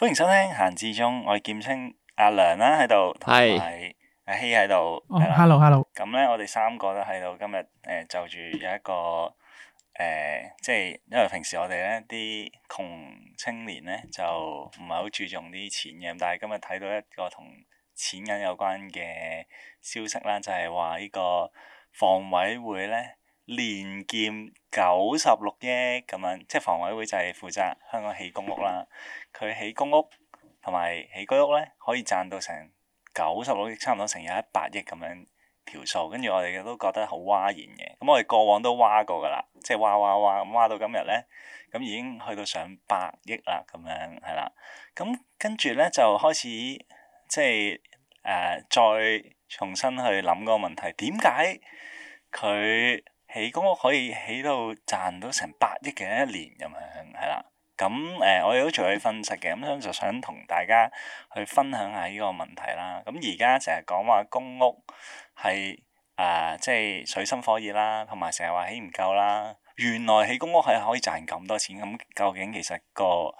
歡迎收聽閒置中，我哋劍青、阿涼啦喺度，同埋阿希喺度。hello hello。咁咧，我哋三個都喺度。今日誒、呃，就住有一個誒，即係因為平時我哋咧啲窮青年咧就唔係好注重啲錢嘅，但係今日睇到一個同錢銀有關嘅消息啦，就係話呢個房委會咧年賺九十六億咁樣，即係房委會就係負責香港起公屋啦。 佢起公屋同埋起居屋咧，可以賺到成九十六億，差唔多成有一百億咁樣條數。跟住我哋都覺得好嘩然嘅。咁我哋過往都嘩過噶啦，即係嘩嘩嘩，咁嘩到今日咧，咁已經去到上百億啦。咁樣係啦。咁跟住咧就開始即係誒、呃、再重新去諗個問題，點解佢起公屋可以起到賺到成百億嘅一年咁樣係啦？咁誒、呃，我哋都做佢分析嘅，咁所以就想同大家去分享下呢個問題啦。咁而家成日講話公屋係誒、呃，即係水深火熱啦，同埋成日話起唔夠啦。原來起公屋係可以賺咁多錢，咁究竟其實、個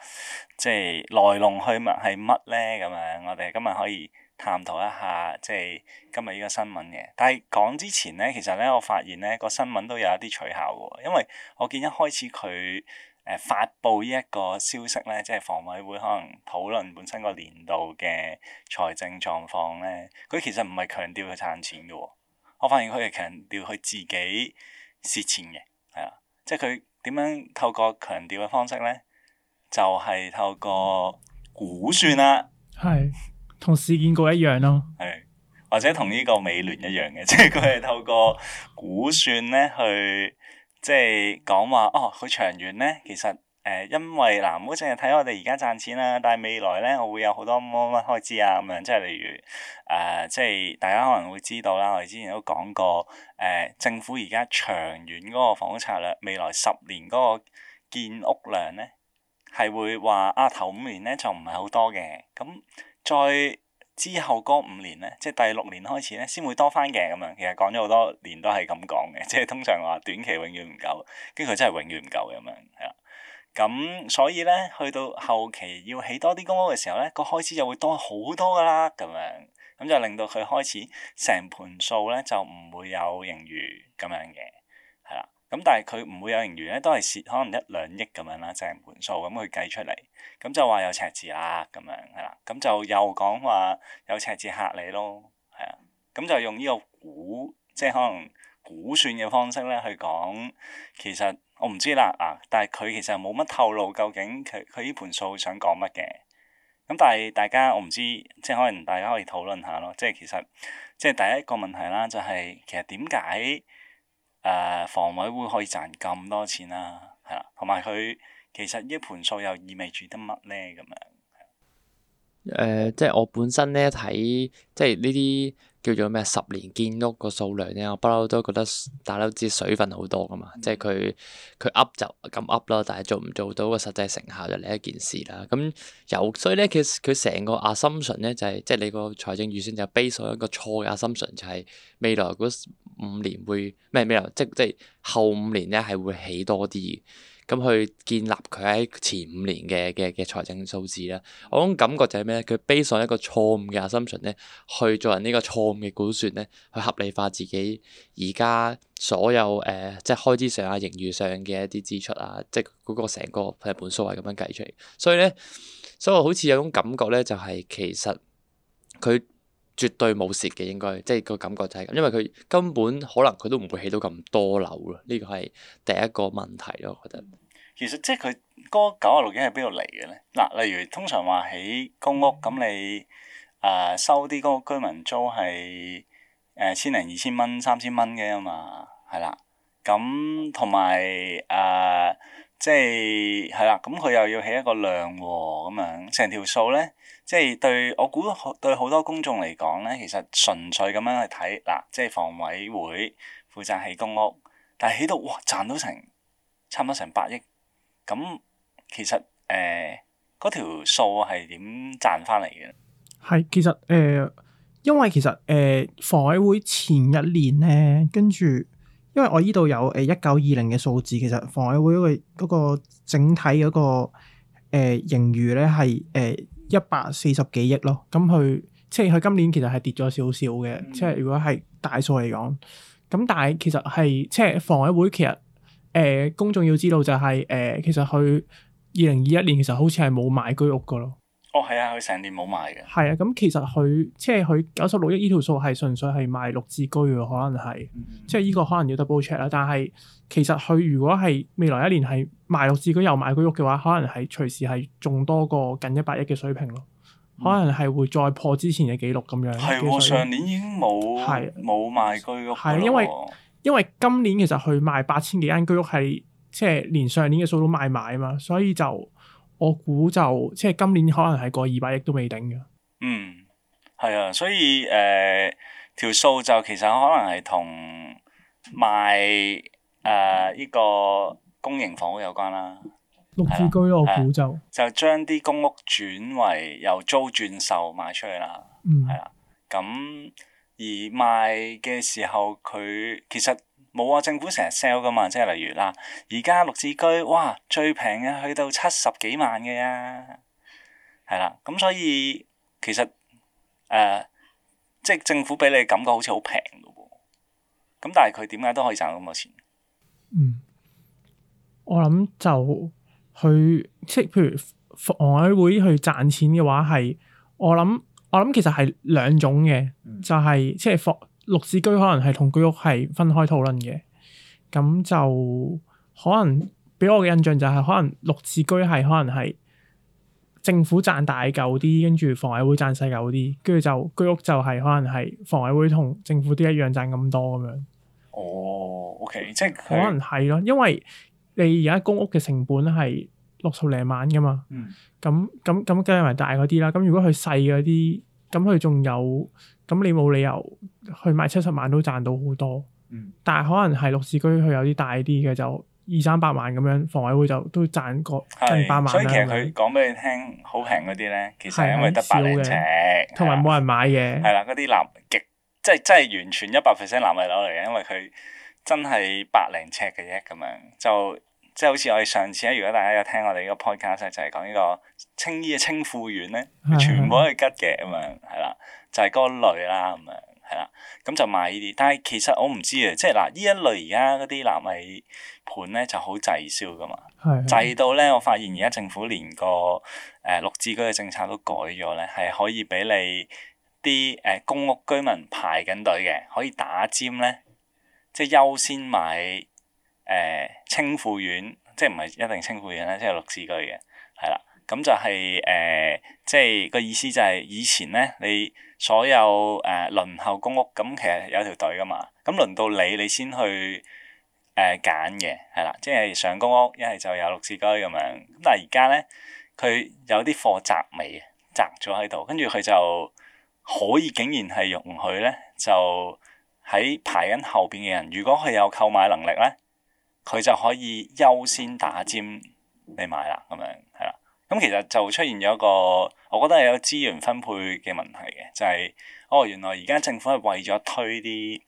即係來龍去脈係乜咧？咁樣，我哋今日可以探討一下，即係今日呢個新聞嘅。但係講之前咧，其實咧，我發現咧、個新聞都有一啲取巧喎，因為我見一開始佢。誒發佈呢一個消息咧，即係房委會可能討論本身個年度嘅財政狀況咧。佢其實唔係強調佢賺錢嘅，我發現佢係強調佢自己蝕錢嘅，係啊，即係佢點樣透過強調嘅方式咧，就係、是、透過估算啦、啊，係同市建局一樣咯、哦，係或者同呢個美聯一樣嘅，即係佢係透過估算咧去。即係講話哦，佢長遠咧，其實誒、呃，因為嗱，唔好淨係睇我哋而家賺錢啦，但係未來咧，我會有好多乜乜乜開支啊咁樣，即係例如誒、呃，即係大家可能會知道啦，我哋之前都講過，誒、呃，政府而家長遠嗰個房屋策略，未來十年嗰個建屋量咧，係會話啊頭五年咧就唔係好多嘅，咁再。之後嗰五年呢，即係第六年開始呢，先會多翻嘅咁樣。其實講咗好多年都係咁講嘅，即係通常話短期永遠唔夠，跟住佢真係永遠唔夠咁樣。係啦，咁所以呢，去到後期要起多啲公屋嘅時候呢，個開支就會多好多噶啦，咁樣咁就令到佢開始成盤數呢，就唔會有盈餘咁樣嘅。咁但係佢唔會有盈餘咧，都係蝕，可能一兩億咁樣啦，淨係盤數咁去計出嚟，咁就話有赤字啦，咁樣係啦，咁就又講話有赤字嚇你咯，係啊，咁就用呢個估，即係可能估算嘅方式咧去講，其實我唔知啦啊，但係佢其實冇乜透露究竟佢佢呢盤數想講乜嘅，咁但係大家我唔知，即係可能大家可以討論下咯，即係其實即係第一個問題啦，就是，就係其實點解？誒、呃、房委會可以賺咁多錢啦、啊，係啦，同埋佢其實呢一盤數又意味住啲乜咧？咁樣誒，即係我本身咧睇，即係呢啲。叫做咩十年建屋個數量咧，我不嬲都覺得大家都知水分好多噶嘛，嗯、即係佢佢噏就咁噏咯，但係做唔做到個實際成效就另一件事啦。咁由所以咧，其實佢成個 assumption 咧就係、是、即係你個財政預算就 based on 一個錯嘅 assumption，就係、是、未來嗰五年會咩未來即即係後五年咧係會起多啲。咁去建立佢喺前五年嘅嘅嘅財政數字啦。我種感覺就係咩咧？佢 base 上一個錯誤嘅 assumption 咧，去做人呢個錯誤嘅估算咧，去合理化自己而家所有誒、呃，即係開支上啊、盈餘上嘅一啲支出啊，即係嗰個成個成、就是、本數係咁樣計出嚟。所以咧，所以我好似有種感覺咧，就係其實佢。絕對冇蝕嘅，應該，即係個感覺就係，因為佢根本可能佢都唔會起到咁多樓咯，呢個係第一個問題咯，我覺得。其實即係佢嗰九十六億係邊度嚟嘅咧？嗱、那個啊，例如通常話起公屋咁，你誒、呃、收啲嗰個居民租係誒千零二千蚊，三千蚊嘅吖嘛，係啦。咁同埋誒。即係係啦，咁佢又要起一個量喎，咁樣成條數咧，即係對我估好對好多公眾嚟講咧，其實純粹咁樣去睇，嗱，即係房委會負責起公屋，但係起到嘩賺到成差唔多成百億，咁其實誒嗰、呃、條數係點賺翻嚟嘅？係其實誒、呃，因為其實誒、呃、房委會前一年咧，跟住。因為我依度有誒一九二零嘅數字，其實房委會嗰、那個那個整體嗰、那個誒、呃、盈餘咧係誒一百四十幾億咯。咁佢即係佢今年其實係跌咗少少嘅、嗯。即係如果係大數嚟講，咁但係其實係即係房委會其實誒、呃、公眾要知道就係、是、誒、呃、其實佢二零二一年其實好似係冇賣居屋噶咯。哦，係啊，佢成年冇賣嘅。係啊，咁其實佢即係佢九十六億呢條數係純粹係賣綠置居嘅。可能係，即係呢個可能要 double check 啦。但係其實佢如果係未來一年係賣綠置居又賣居屋嘅話，可能係隨時係仲多過近一百億嘅水平咯。嗯、可能係會再破之前嘅紀錄咁樣。係喎、啊，上年已經冇冇、啊、賣居屋。係、啊、因為因為今年其實佢賣八千幾間居屋係即係連上年嘅數都賣埋啊嘛，所以就。我估就即係今年可能係過二百億都未定嘅。嗯，係啊，所以誒、呃、條數就其實可能係同賣誒依、呃、個公營房屋有關啦。綠置居的我估就就將啲公屋轉為由租轉售賣出去啦。嗯，係啦。咁而賣嘅時候，佢其實。冇啊，政府成日 sell 噶嘛，即係例如啦，而家綠置居，哇，最平嘅去到七十幾萬嘅啊，係啦，咁所以其實誒、呃，即係政府俾你感覺好似好平嘅喎，咁但係佢點解都可以賺咁多錢？嗯，我諗就去，即係譬如房委會去賺錢嘅話，係我諗我諗其實係兩種嘅，嗯、就係即係綠置居可能係同居屋係分開討論嘅，咁就可能俾我嘅印象就係可能綠置居係可能係政府賺大嚿啲，跟住房委會賺細嚿啲，跟住就居屋就係可能係房委會同政府都一樣賺咁多咁樣。哦，OK，即係可能係咯，因為你而家公屋嘅成本係六十零萬噶嘛，咁咁咁計埋大嗰啲啦，咁如果佢細嗰啲。咁佢仲有，咁你冇理由去買七十萬都賺到好多。嗯，但係可能係綠置居佢有啲大啲嘅就二三百萬咁樣，房委會就都賺個二百萬。所以其實佢講俾你聽好平嗰啲咧，係咪其實係因為得百零尺，同埋冇人買嘅？係啦，嗰啲南極即係即係完全一百 percent 納米樓嚟嘅，因為佢真係百零尺嘅啫咁樣就。即係好似我哋上次咧，如果大家有聽我哋呢個 podcast 就係講呢個青衣嘅青富苑咧，全部都係吉嘅咁樣，係啦，就係嗰類啦，咁樣係啦，咁就賣呢啲。但係其實我唔知啊，即係嗱，呢一類而家嗰啲納米盤咧就好滯銷㗎嘛，是的 滯到咧，我發現而家政府連個誒、呃、綠置居嘅政策都改咗咧，係可以俾你啲誒、呃、公屋居民排緊隊嘅，可以打尖咧，即係優先買。誒青富苑即係唔係一定青富苑咧，即係綠置居嘅係啦。咁就係、是、誒、呃，即係個意思就係以前咧，你所有誒、呃、輪候公屋咁，其實有條隊噶嘛。咁輪到你，你先去誒揀嘅係啦，即係上公屋一係就有綠置居咁樣。咁但係而家咧，佢有啲貨擲未擲咗喺度，跟住佢就可以竟然係容許咧，就喺排緊後邊嘅人，如果佢有購買能力咧。佢就可以優先打尖你買啦，咁樣係啦。咁其實就出現咗一個，我覺得係有資源分配嘅問題嘅，就係、是、哦，原來而家政府係為咗推啲誒、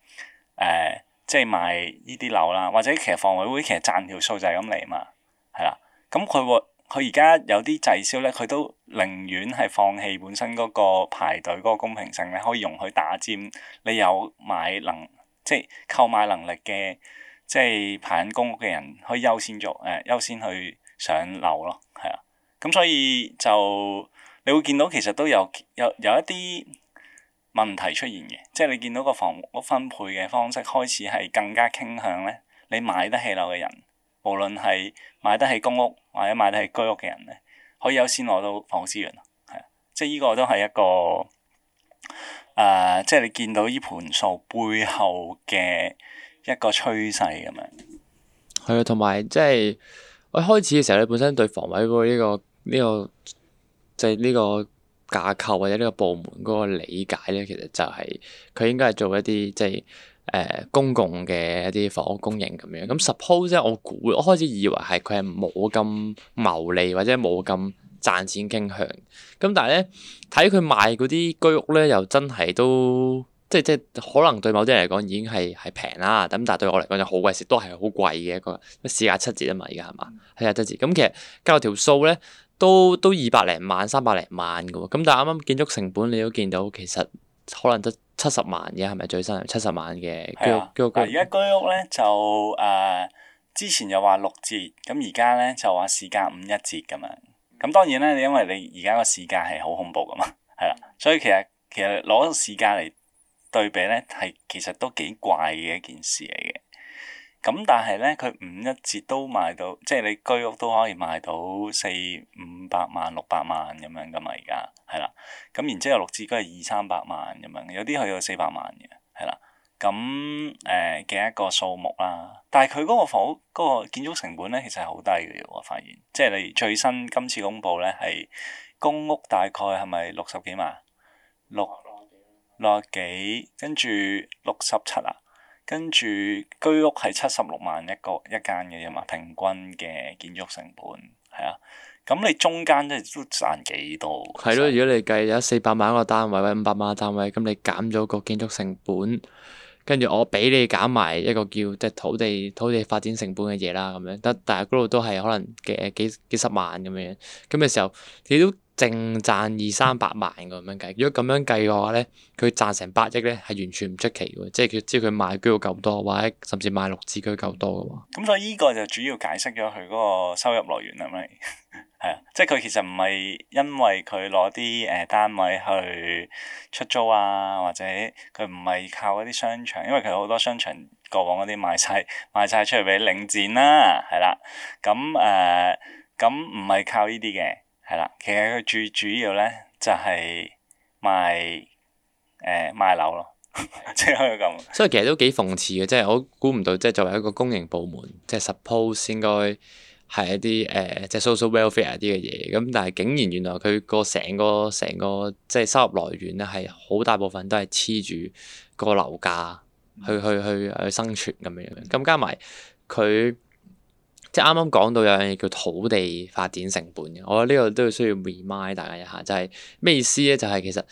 呃，即係賣呢啲樓啦，或者其實房委會其實賺條數就係咁嚟嘛，係啦。咁佢會佢而家有啲滯銷咧，佢都寧願係放棄本身嗰個排隊嗰個公平性咧，可以容許打尖你有買能即係購買能力嘅。即係排緊公屋嘅人可以優先做，誒、呃、優先去上樓咯，係啊，咁所以就你會見到其實都有有有一啲問題出現嘅，即係你見到個房屋分配嘅方式開始係更加傾向咧，你買得起樓嘅人，無論係買得起公屋或者買得起居屋嘅人咧，可以優先攞到房屋資源咯，係啊，即係呢個都係一個誒、呃，即係你見到依盤數背後嘅。一個趨勢咁樣，係啊，同埋即係我一開始嘅時候，你本身對房委嗰個呢個呢個即係呢個架構或者呢個部門嗰個理解咧，其實就係佢應該係做一啲即係誒公共嘅一啲房屋供應咁樣。咁 suppose 即係我估，我開始以為係佢係冇咁牟利或者冇咁賺錢傾向。咁但係咧睇佢賣嗰啲居屋咧，又真係都～即係即係，可能對某啲人嚟講已經係係平啦，咁但係對我嚟講就好鬼蝕，都係好貴嘅一個市價七折啊嘛，而家係嘛？市價七折，咁、嗯、其實交條數咧都都二百零萬、三百零萬嘅喎，咁但係啱啱建築成本你都見到，其實可能得七十萬嘅，係咪最新七十萬嘅居屋？而家居屋咧就誒、呃、之前又話六折，咁而家咧就話市價五一折咁樣。咁當然咧，你因為你而家個市價係好恐怖噶嘛，係啦，所以其實其實攞個市價嚟。對比咧，係其實都幾怪嘅一件事嚟嘅。咁但係咧，佢五一折都賣到，即係你居屋都可以賣到四五百萬、六百萬咁樣噶嘛。而家係啦，咁然之後六折都係二三百萬咁樣，有啲去到四百萬嘅，係啦。咁誒嘅一個數目啦。但係佢嗰個房屋、嗰個建築成本咧，其實係好低嘅。我發現，即係你最新今次公布咧，係公屋大概係咪六十幾萬六？六廿幾，跟住六十七啊，跟住居屋係七十六萬一個一間嘅啫嘛，平均嘅建築成本係啊，咁你中間即係都賺幾多？係咯的，如果你計有四百萬一個單位，或者五百萬一個單位，咁你減咗個建築成本，跟住我俾你減埋一個叫即係土地土地發展成本嘅嘢啦，咁樣得，但係嗰度都係可能嘅幾幾十萬咁樣，咁嘅時候你都～淨賺二三百萬咁樣計，如果咁樣計嘅話咧，佢賺成百億咧係完全唔出奇嘅喎，即係佢知佢賣居夠多，或者甚至賣綠置居夠多嘅喎。咁所以依個就主要解釋咗佢嗰個收入來源係咪？係啊，即係佢其實唔係因為佢攞啲誒單位去出租啊，或者佢唔係靠嗰啲商場，因為佢好多商場過往嗰啲賣晒，賣晒出去俾領展啦，係啦，咁誒咁唔係靠呢啲嘅。係啦，其實佢最主要咧就係賣誒、呃、賣樓咯，即係可以咁。所以其實都幾諷刺嘅，即係我估唔到，即係作為一個公營部門，即係 suppose 應該係一啲誒即係 social welfare 啲嘅嘢，咁但係竟然原來佢個成個成個即係收入來源咧，係好大部分都係黐住個樓價去、嗯、去去去、去生存咁樣樣，咁加埋佢。啱啱講到有樣嘢叫土地發展成本嘅，我覺得呢個都要需要 remind 大家一下，就係、是、咩意思咧？就係、是、其實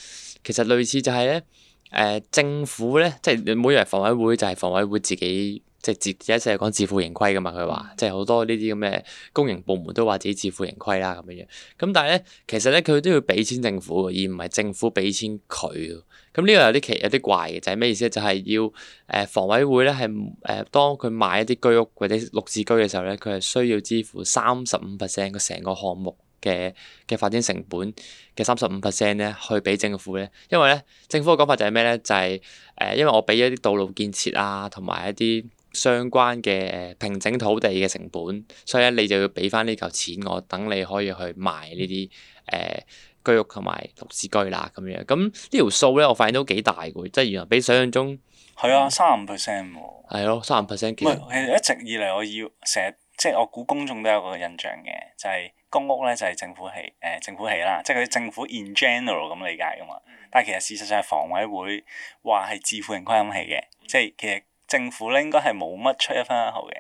其實類似就係、是、咧，誒、呃、政府咧，即係你唔好以為房委會就係房委會自己，即係自有一直係講自負盈虧噶嘛，佢話即係好多呢啲咁嘅公營部門都話自己自負盈虧啦咁樣樣。咁但係咧，其實咧佢都要俾錢政府，而唔係政府俾錢佢。咁呢、嗯這個有啲奇有啲怪嘅，就係、是、咩意思咧？就係、是、要誒房、呃、委會咧，係誒、呃、當佢賣一啲居屋或者綠置居嘅時候咧，佢係需要支付三十五 percent 個成個項目嘅嘅發展成本嘅三十五 percent 咧，去俾政府咧。因為咧，政府嘅講法就係咩咧？就係、是、誒、呃，因為我俾咗啲道路建設啊，同埋一啲相關嘅誒、呃、平整土地嘅成本，所以咧你就要俾翻呢嚿錢我，等你可以去賣呢啲誒。呃居屋同埋綠置居啦，咁樣咁呢條數咧，我發現都幾大嘅，即係原來比想象中係啊三十五 percent 喎，係咯三十五 percent。其實一直以嚟，我要成日即係我估公眾都有個印象嘅，就係、是、公屋咧就係、是、政府起誒、呃、政府起啦，即係佢政府 in general 咁理解嘅嘛。但係其實事實上，房委會話係自負盈虧咁起嘅，即係其實政府咧應該係冇乜出一分一毫嘅。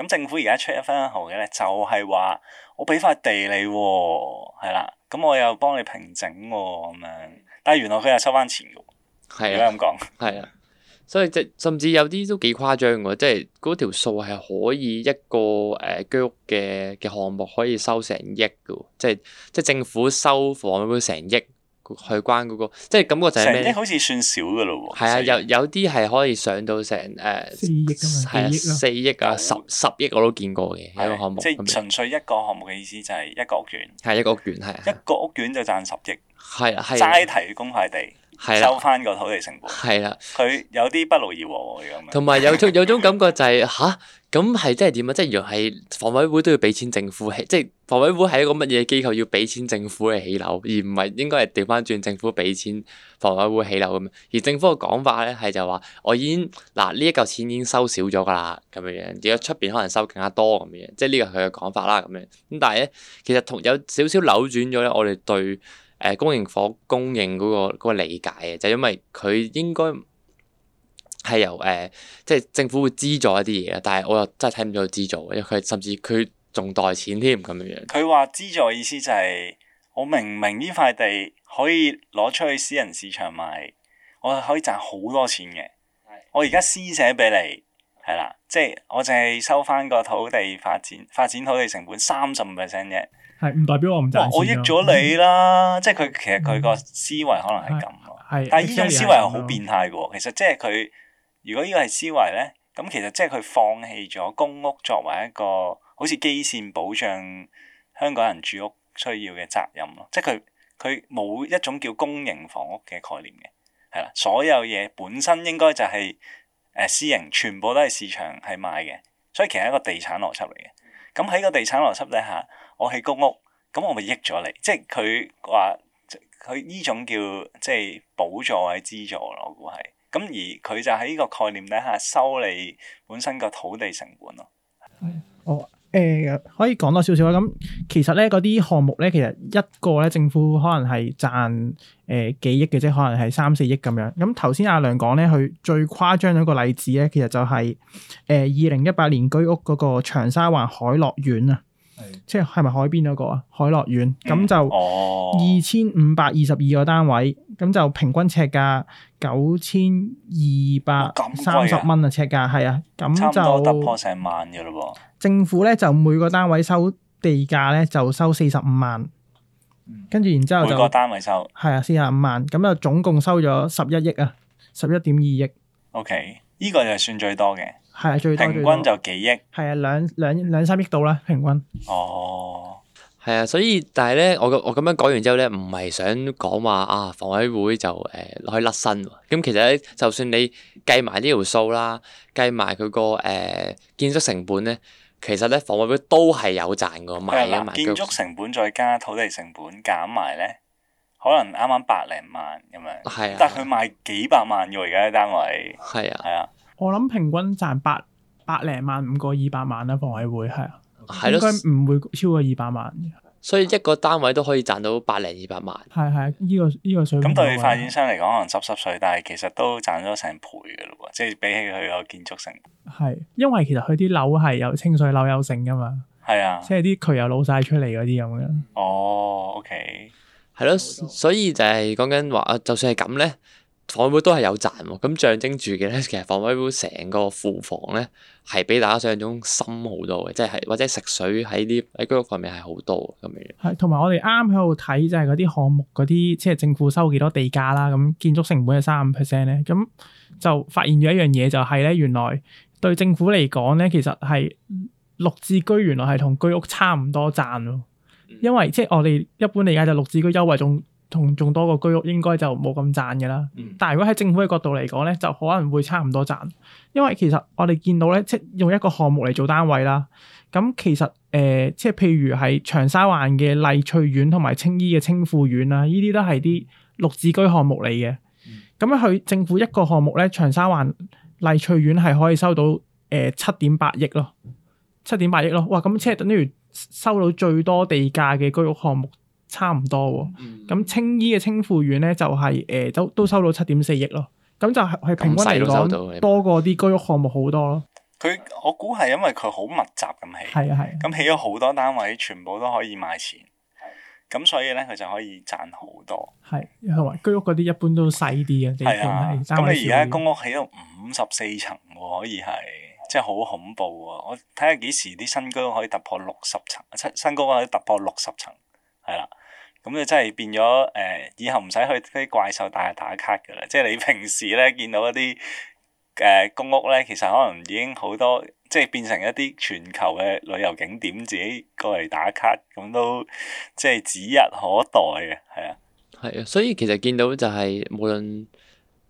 咁政府而家出一分一毫嘅咧，就係話我俾塊地你、哦，係啦，咁我又幫你平整咁、哦、樣，但係原來佢又收翻錢嘅，係啊咁講，係啊，所以即甚至有啲都幾誇張嘅，即係嗰條數係可以一個誒、呃、居屋嘅嘅項目可以收成億嘅，即係即係政府收房會成億。去關嗰、那個，即係感覺就係咩？成好似算少噶咯喎。係啊，有有啲係可以上到成誒，呃、四億、四億、四億啊，億啊九十十億我都見過嘅、啊、一個項目。即係純粹一個項目嘅意思就係一個屋苑。係一個屋苑係。一個屋苑、啊、就賺十億。係、啊，係齋、啊、提供係地。收翻個土地成本，係啦的，佢有啲不勞而獲咁。同埋有種有種感覺就係、是、吓，咁係即係點啊？即係若係房委會都要俾錢政府起，即係房委會係一個乜嘢機構要俾錢政府嚟起樓，而唔係應該係調翻轉政府俾錢房委會起樓咁。而政府嘅講法咧係就話，我已經嗱呢一嚿錢已經收少咗㗎啦，咁樣樣，而家出邊可能收更加多咁樣，即係呢個佢嘅講法啦咁樣。咁但係咧，其實同有少少扭轉咗咧，我哋對。誒、呃、供應房供應嗰、那個那個理解嘅，就是、因為佢應該係由誒，即、呃、係、就是、政府會資助一啲嘢，但係我又真係睇唔到佢資助，因為佢甚至佢仲代錢添咁樣樣。佢話資助意思就係、是、我明明呢塊地可以攞出去私人市場賣，我可以賺好多錢嘅。我而家施捨俾你係啦，即係、就是、我淨係收翻個土地發展發展土地成本三十五 percent 啫。係唔代表我唔賺錢咯，我益咗你啦，嗯、即係佢其實佢個思維可能係咁咯。係，但係呢種思維係好變態嘅。其實即係佢如果個呢個係思維咧，咁其實即係佢放棄咗公屋作為一個好似基綫保障香港人住屋需要嘅責任咯。即係佢佢冇一種叫公營房屋嘅概念嘅，係啦。所有嘢本身應該就係誒私營，全部都係市場係賣嘅，所以其實一個地產邏輯嚟嘅。咁喺個地產邏輯底下。我起公屋，咁我咪益咗你，即係佢話佢呢種叫即係補助或者資助咯，我估係。咁而佢就喺呢個概念底下收你本身個土地成本咯。哦，誒、呃、可以講多少少啦。咁其實咧嗰啲項目咧，其實一個咧政府可能係賺誒幾億嘅，啫，可能係三四億咁樣。咁頭先阿涼講咧，佢最誇張一個例子咧，其實就係誒二零一八年居屋嗰個長沙灣海樂園啊。即係係咪海邊嗰、那個啊？海樂園咁就二千五百二十二個單位，咁、哦、就平均尺價九千二百三十蚊啊！尺價係啊，咁就差唔多突破成萬嘅咯噃。政府咧就每個單位收地價咧就收四十五萬，嗯、跟住然之後就每個單位收係啊四十五萬，咁就總共收咗十一億啊，十一點二億。O K，呢個就算最多嘅。係啊，平均就幾億，係啊，兩兩兩三億到啦，平均。哦，係啊，所以但係咧，我我咁樣講完之後咧，唔係想講話啊，房委會就誒可以甩身。咁其實咧，就算你計埋呢條數啦，計埋佢個誒建築成本咧，其實咧房委會都係有賺噶，賣一賣。建築成本再加土地成本減埋咧，可能啱啱百零萬咁樣。係啊的，但係佢賣幾百萬噶而家啲單位。係啊，係啊的。我諗平均賺百百零萬，唔過二百萬啦，房委會係啊，應該佢唔會超過二百萬。了所以一個單位都可以賺到百零二百萬。係係，呢個呢個水平。咁對發展商嚟講，可能濕濕碎，但係其實都賺咗成倍噶咯，即係比起佢個建築成本。係，因為其實佢啲樓係有清水樓優勝噶嘛。係啊的。即係啲渠又露晒出嚟嗰啲咁嘅。哦，OK。係咯，所以就係講緊話，就算係咁咧。房委會都係有賺喎，咁象徵住嘅咧，其實房委會成個庫房咧，係比大家想像中深好多嘅，即係或者食水喺啲喺居屋方面係好多咁嘅嘢。係，同埋我哋啱喺度睇就係嗰啲項目嗰啲，即係政府收幾多地價啦，咁建築成本係三五 percent 咧，咁就發現咗一樣嘢，就係咧，原來對政府嚟講咧，其實係綠置居原來係同居屋差唔多賺咯，因為即係我哋一般理解就綠置居優惠仲。同仲多個居屋應該就冇咁賺嘅啦。但係如果喺政府嘅角度嚟講咧，就可能會差唔多賺，因為其實我哋見到咧，即用一個項目嚟做單位啦。咁其實誒，即、呃、係譬如係長沙灣嘅麗翠苑同埋青衣嘅清富苑啊，呢啲都係啲綠置居項目嚟嘅。咁樣佢政府一個項目咧，長沙灣麗翠苑係可以收到誒七點八億咯，七點八億咯。哇！咁即係等於收到最多地價嘅居屋項目。差唔多喎，咁青、嗯、衣嘅青富苑咧就係誒都都收到七點四億咯，咁就係平均嚟講多過啲居屋項目好多咯。佢我估係因為佢好密集咁起，係啊係，咁、啊、起咗好多單位，全部都可以賣錢，咁所以咧佢就可以賺好多。係、啊，居屋嗰啲一般都細啲嘅地方，咁你而家公屋起到五十四層喎，可以係，即係好恐怖喎。我睇下幾時啲新居可以突破六十層，新新居可以突破六十層，係啦。咁啊，就真係變咗誒、呃，以後唔使去啲怪獸大廈打卡㗎喇，即係你平時咧見到一啲誒、呃、公屋咧，其實可能已經好多，即係變成一啲全球嘅旅遊景點，自己過嚟打卡，咁都即係指日可待嘅，係啊，係啊，所以其實見到就係、是、無論。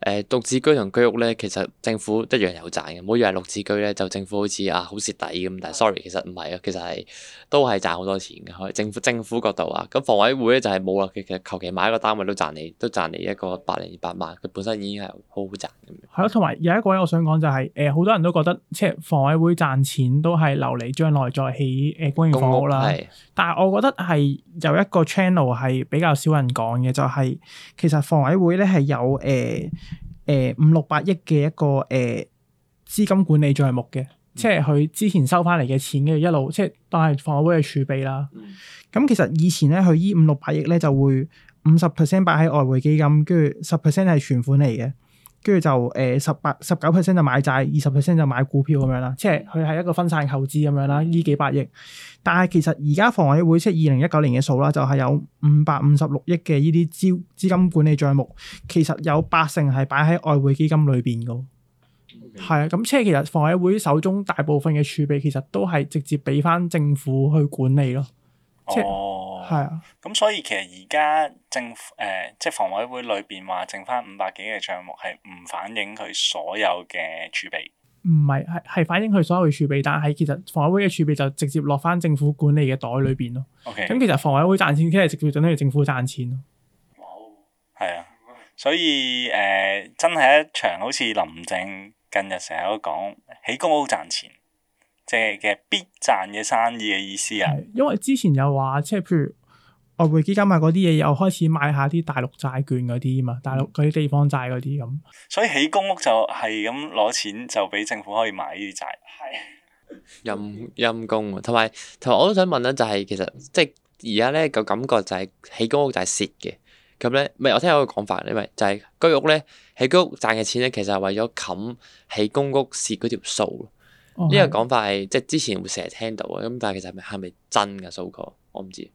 誒綠置居同居屋咧，其實政府一樣有賺嘅。唔好以為綠置居咧就政府好似啊好蝕底咁，但係 sorry，其實唔係啊，其實係都係賺好多錢嘅。去政府政府角度啊，咁房委會咧就係冇啊。其實求其買一個單位都賺你都賺你一個百零八萬，佢本身已經係好好賺咁。係咯，同埋有一個咧，我想講就係、是、誒，好、呃、多人都覺得即係房委會賺錢都係留嚟將來再起誒公營公屋啦。屋但係我覺得係有一個 channel 係比較少人講嘅，就係、是、其實房委會咧係有誒。呃誒，五六百億嘅一個誒呃、資金管理賬目嘅，嗯、即係佢之前收翻嚟嘅錢嘅一路，即係當係房委會嘅儲備啦。咁、嗯、其實以前咧，佢呢五六百億咧就會五十 percent 擺喺外匯基金，跟住十 percent 係存款嚟嘅。跟住就誒十八、十九 percent 就買債，二十 percent 就買股票咁樣啦。即係佢係一個分散投資咁樣啦。呢幾百億，但係其實而家房委會即係二零一九年嘅數啦，就係、是、有五百五十六億嘅呢啲資資金管理帳目，其實有八成係擺喺外匯基金裏邊嘅。係啊 Okay.，咁即係其實房委會手中大部分嘅儲備其實都係直接俾翻政府去管理咯。Oh. 即係。係啊，咁所以其實而家政府誒、呃，即係房委會裏邊話剩翻五百幾嘅帳目係唔反映佢所有嘅儲備。唔係，係係反映佢所有嘅儲備，但係其實房委會嘅儲備就直接落翻政府管理嘅袋裏邊咯。OK，咁其實房委會賺錢，其實直接就係政府賺錢咯。冇、哦，係啊，所以誒、呃，真係一場好似林鄭近日成日都講起公屋賺錢。即係嘅必賺嘅生意嘅意思啊？係，因為之前有話，即係譬如外匯基金買嗰啲嘢，又開始買下啲大陸債券嗰啲啊嘛，大陸嗰啲地方債嗰啲咁。嗯、所以起公屋就係咁攞錢，就俾政府可以買呢啲債。係，陰陰功同埋同埋，我都想問咧、就是，就係其實即係而家咧個感覺就係起公屋就係蝕嘅。咁咧，唔係我聽有個講法，唔係就係、是、居屋咧，起居屋賺嘅錢咧，其實係為咗冚起公屋蝕嗰條數。呢、哦、個講法係即係之前會成日聽到嘅，咁但係其實係咪係咪真嘅數據？我唔知。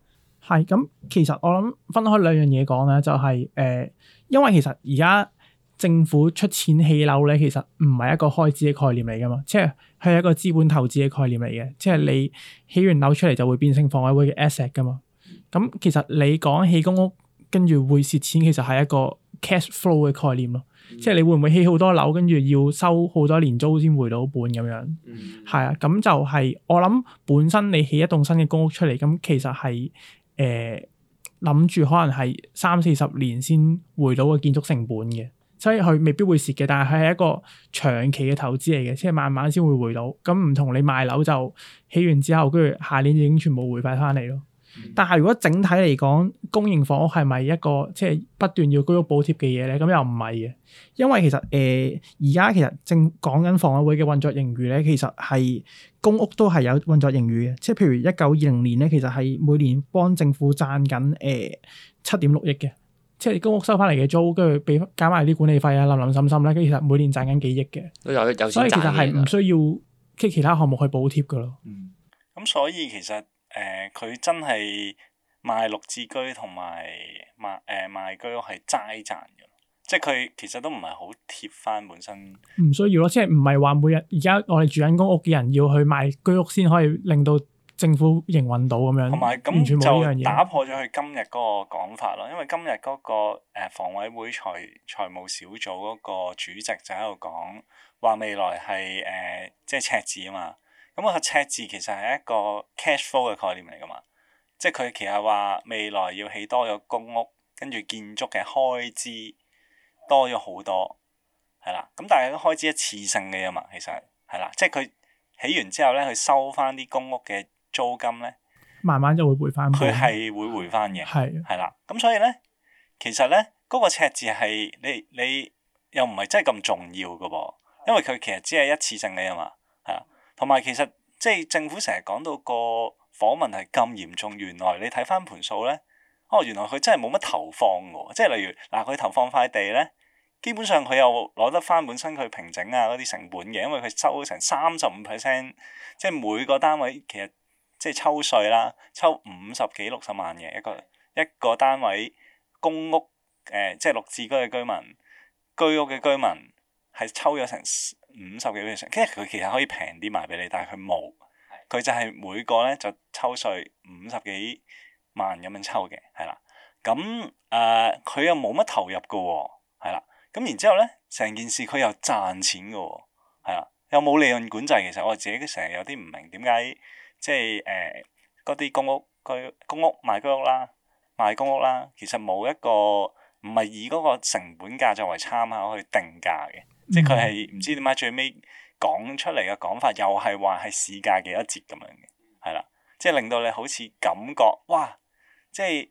係咁，其實我諗分開兩樣嘢講咧，就係、是、誒、呃，因為其實而家政府出錢起樓咧，其實唔係一個開支嘅概念嚟噶嘛，即係係一個資本投資嘅概念嚟嘅，即係你起完樓出嚟就會變成房委會嘅 asset 噶嘛。咁、嗯、其實你講起公屋跟住會蝕錢，其實係一個 cash flow 嘅概念咯。即係你會唔會起好多樓，跟住要收好多年租先回到本咁樣？係啊、嗯，咁就係、是、我諗本身你起一棟新嘅公屋出嚟，咁其實係誒諗住可能係三四十年先回到個建築成本嘅，所以佢未必會蝕嘅。但係佢係一個長期嘅投資嚟嘅，即係慢慢先會回到。咁唔同你賣樓就起完之後，跟住下年已經全部回曬翻嚟咯。但係如果整體嚟講，公營房屋係咪一個即係不斷要居屋補貼嘅嘢咧？咁又唔係嘅，因為其實誒而家其實正講緊房委會嘅運作盈餘咧，其實係公屋都係有運作盈餘嘅，即係譬如一九二零年咧，其實係每年幫政府賺緊誒七點六億嘅，即係公屋收翻嚟嘅租，跟住俾加埋啲管理費啊，冧冧沈沈咧，跟住其實每年賺緊幾億嘅，都有有時其實係唔需要即係其他項目去補貼噶咯。嗯，咁所以其實。誒，佢、呃、真係賣綠置居同埋賣誒、呃、賣居屋係齋賺嘅，即係佢其實都唔係好貼返本身。唔需要咯，即係唔係話每日而家我哋住緊公屋嘅人要去賣居屋先可以令到政府營運到咁樣。同埋咁就打破咗佢今日嗰個講法咯，因為今日嗰個誒房委會財財務小組嗰個主席就喺度講話未來係誒、呃、即係赤字啊嘛。咁個赤字其實係一個 cash flow 嘅概念嚟噶嘛，即係佢其實話未來要起多咗公屋，跟住建築嘅開支多咗好多，係啦。咁但係啲開支一次性嘅啊嘛，其實係啦，即係佢起完之後咧，佢收翻啲公屋嘅租金咧，慢慢就會回翻。佢係會回翻嘅，係係啦。咁所以咧，其實咧嗰個赤字係你你又唔係真係咁重要噶噃，因為佢其實只係一次性嘅啊嘛，係啊。同埋其實即係政府成日講到個訪問係咁嚴重，原來你睇翻盤數咧，哦原來佢真係冇乜投放㗎，即係例如嗱佢投放塊地咧，基本上佢又攞得翻本身佢平整啊嗰啲成本嘅，因為佢收咗成三十五 percent，即係每個單位其實即係抽稅啦，抽五十幾六十萬嘅一個一個單位公屋，誒、呃、即係六字居嘅居民居屋嘅居民係抽咗成。五十幾 percent 跟住佢其實可以平啲賣俾你，但係佢冇，佢就係每個咧就抽稅五十幾萬咁樣抽嘅，係啦。咁誒佢又冇乜投入嘅喎、哦，係啦。咁然之後咧，成件事佢又賺錢嘅喎、哦，係啦。又冇利潤管制，其實我自己成日有啲唔明點解即係誒嗰啲公屋居公屋賣公屋啦，賣公屋啦，其實冇一個唔係以嗰個成本價作為參考去定價嘅。嗯、即係佢係唔知點解最尾講出嚟嘅講法又係話係市價幾多折咁樣嘅，係啦，即係令到你好似感覺，哇！即係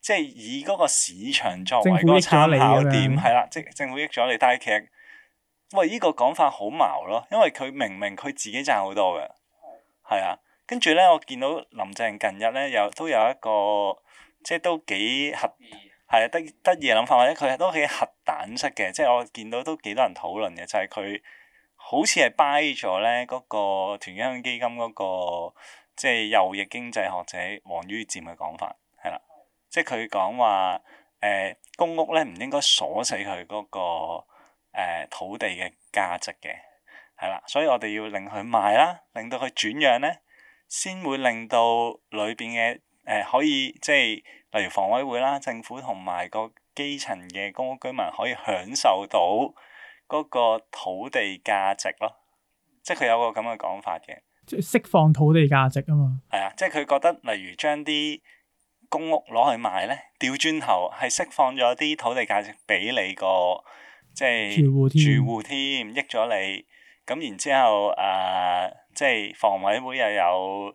即係以嗰個市場作為嗰個參考點，係啦，即係政府益咗你，但係其實喂依、呢個講法好矛咯，因為佢明明佢自己賺好多嘅，係啊，跟住咧我見到林鄭近日咧有都有一個，即係都幾合。係啊，得得意嘅諗法，或者佢都喺核彈式嘅，即係我見到都幾多人討論嘅，就係、是、佢好似係掰咗咧嗰個團鄉基金嗰個即係右翼經濟學者黃於占嘅講法係啦，即係佢講話誒公屋咧唔應該鎖死佢嗰、那個誒、呃、土地嘅價值嘅係啦，所以我哋要令佢賣啦，令到佢轉讓咧，先會令到裏邊嘅。誒、呃、可以即係例如房委會啦，政府同埋個基層嘅公屋居民可以享受到嗰個土地價值咯，即係佢有個咁嘅講法嘅，即係釋放土地價值啊嘛。係啊，即係佢覺得例如將啲公屋攞去賣咧，掉轉頭係釋放咗啲土地價值俾你個，即係住戶添益咗你。咁然之後誒、呃，即係房委會又有誒、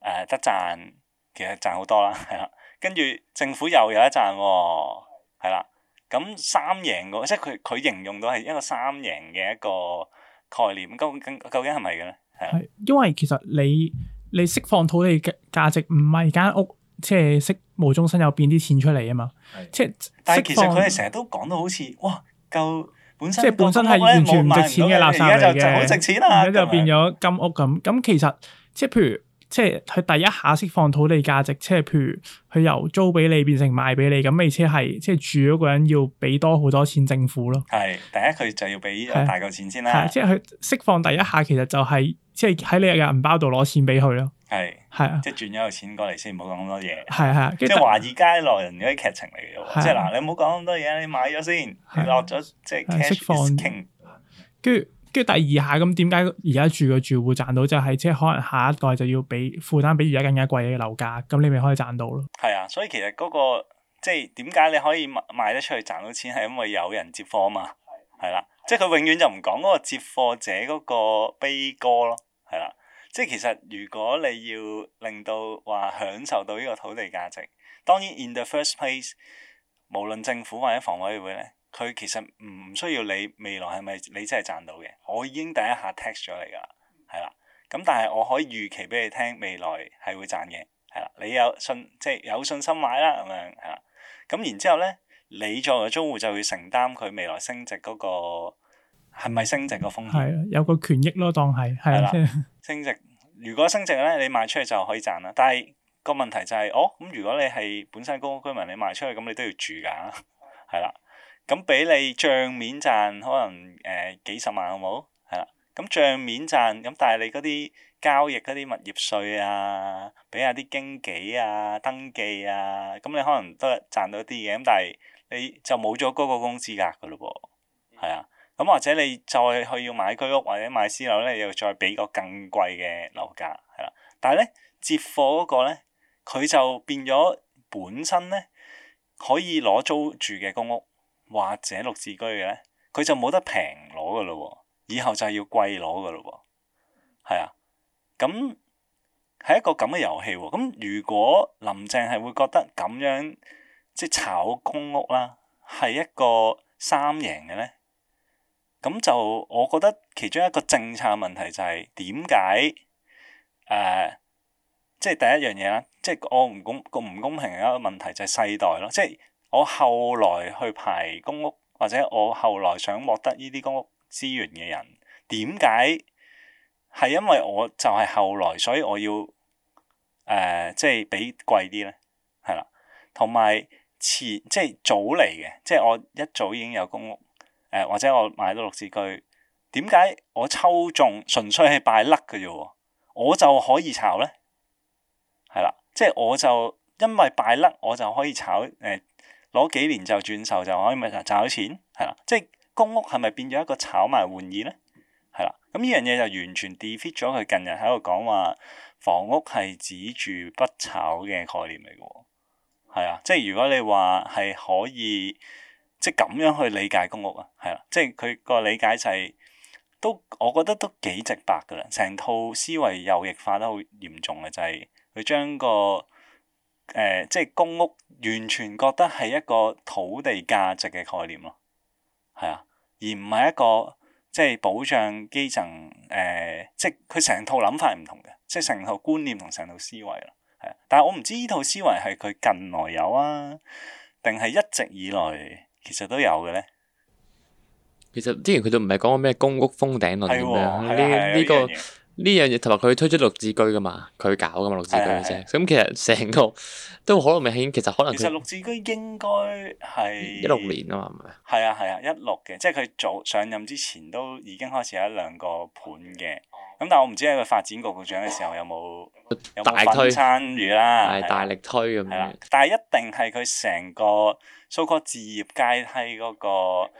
呃、得賺。其實賺好多啦，係啦，跟住政府又有一賺喎、哦，係啦，咁、嗯、三贏嘅，即係佢佢形容到係一個三贏嘅一個概念。咁究竟係咪嘅咧？係因為其實你你釋放土地嘅價值唔係間屋，即係釋無中生有變啲錢出嚟啊嘛。即係，但係其實佢哋成日都講到好似哇夠本身，即係本身係完全唔值錢嘅垃圾嚟嘅，而家就好值錢就變咗金屋咁。咁其實即係譬如。即係佢第一下釋放土地價值，即係譬如佢由租俾你變成賣俾你，咁你即係即係住嗰個人要俾多好多錢政府咯。係，第一佢就要俾大嚿錢先啦。係，即係佢釋放第一下其實就係即係喺你嘅銀包度攞錢俾佢咯。係，係即係轉咗個錢過嚟先，唔好講咁多嘢。係係，即係華爾街落人嗰啲劇情嚟嘅啫。即係嗱，你唔好講咁多嘢，你買咗先落咗即係釋放 k 跟住第二下咁，點解而家住嘅住戶賺到就係，即係可能下一代就要俾負擔，負擔比而家更加貴嘅樓價，咁你咪可以賺到咯。係啊，所以其實嗰個即係點解你可以賣賣得出去賺到錢，係因為有人接貨啊嘛。係啦，即係佢永遠就唔講嗰個接貨者嗰個悲歌咯。係啦，即係其實如果你要令到話享受到呢個土地價值，當然 in the first place，無論政府或者房委會咧。佢其實唔需要你未來係咪你真係賺到嘅，我已經第一下 test 咗你噶啦，係啦。咁但係我可以預期俾你聽未來係會賺嘅，係啦。你有信即係有信心買啦，咁樣係啦。咁然之後咧，你作為租戶就要承擔佢未來升值嗰、那個係咪升值個風險？係有個權益咯，當係係啦。的 升值如果升值咧，你賣出去就可以賺啦。但係個問題就係、是，哦咁如果你係本身公屋居民，你賣出去咁你都要住噶，係啦。 咁俾你帳面賺可能誒、呃、幾十萬好冇？係啦。咁帳面賺咁，但係你嗰啲交易嗰啲物業稅啊，俾下啲經紀啊、登記啊，咁你可能都係賺到啲嘅。咁但係你就冇咗嗰個公屋資格㗎咯噃，係啊。咁或者你再去要買居屋或者買私樓咧，你又再俾個更貴嘅樓價係啦。但係咧，接貨嗰個咧，佢就變咗本身咧可以攞租住嘅公屋。或者綠置居嘅，呢佢就冇得平攞噶咯喎，以後就係要貴攞噶咯喎，係啊，咁係一個咁嘅遊戲喎。咁如果林鄭係會覺得咁樣即係炒公屋啦，係一個三贏嘅呢。咁就我覺得其中一個政策問題就係點解誒，即係第一樣嘢啦，即係我唔公個唔公平嘅一個問題就係世代咯，即係。我後來去排公屋，或者我後來想獲得呢啲公屋資源嘅人，點解係因為我就係後來，所以我要誒，即、呃、係、就是、畀貴啲咧，係啦。同埋遲即係、就是、早嚟嘅，即、就、係、是、我一早已經有公屋，誒、呃、或者我買到綠置居，點解我抽中純粹係拜甩嘅啫？我就可以炒咧，係啦，即、就、係、是、我就因為拜甩，我就可以炒誒。呃攞幾年就轉售就可以咪賺到錢，係啦，即係公屋係咪變咗一個炒賣玩意咧？係啦，咁呢樣嘢就完全 defeat 咗佢近日喺度講話房屋係只住不炒嘅概念嚟嘅喎，係啊，即係如果你話係可以即係咁樣去理解公屋啊，係啦，即係佢個理解就係、是、都我覺得都幾直白噶啦，成套思維右翼化得好嚴重嘅就係佢將個。誒、呃，即係公屋，完全覺得係一個土地價值嘅概念咯，係啊，而唔係一個即係保障基層誒、呃，即係佢成套諗法係唔同嘅，即係成套觀念同成套思維啦，係啊。但係我唔知呢套思維係佢近來有啊，定係一直以來其實都有嘅咧。其實之前佢都唔係講過咩公屋封頂論咩？呢呢個。哎呢樣嘢，同埋佢推出綠置居噶嘛，佢搞噶嘛綠置居啫。咁其實成個都好耐未其實可能。其實綠置居應該係一六年啊嘛，係咪啊？係啊係啊，一六嘅，即係佢早上任之前都已經開始有一兩個盤嘅。咁但係我唔知喺佢發展局局長嘅時候有冇大推參與啦，係大力推咁樣。但係一定係佢成個蘇科置業階梯嗰、那個。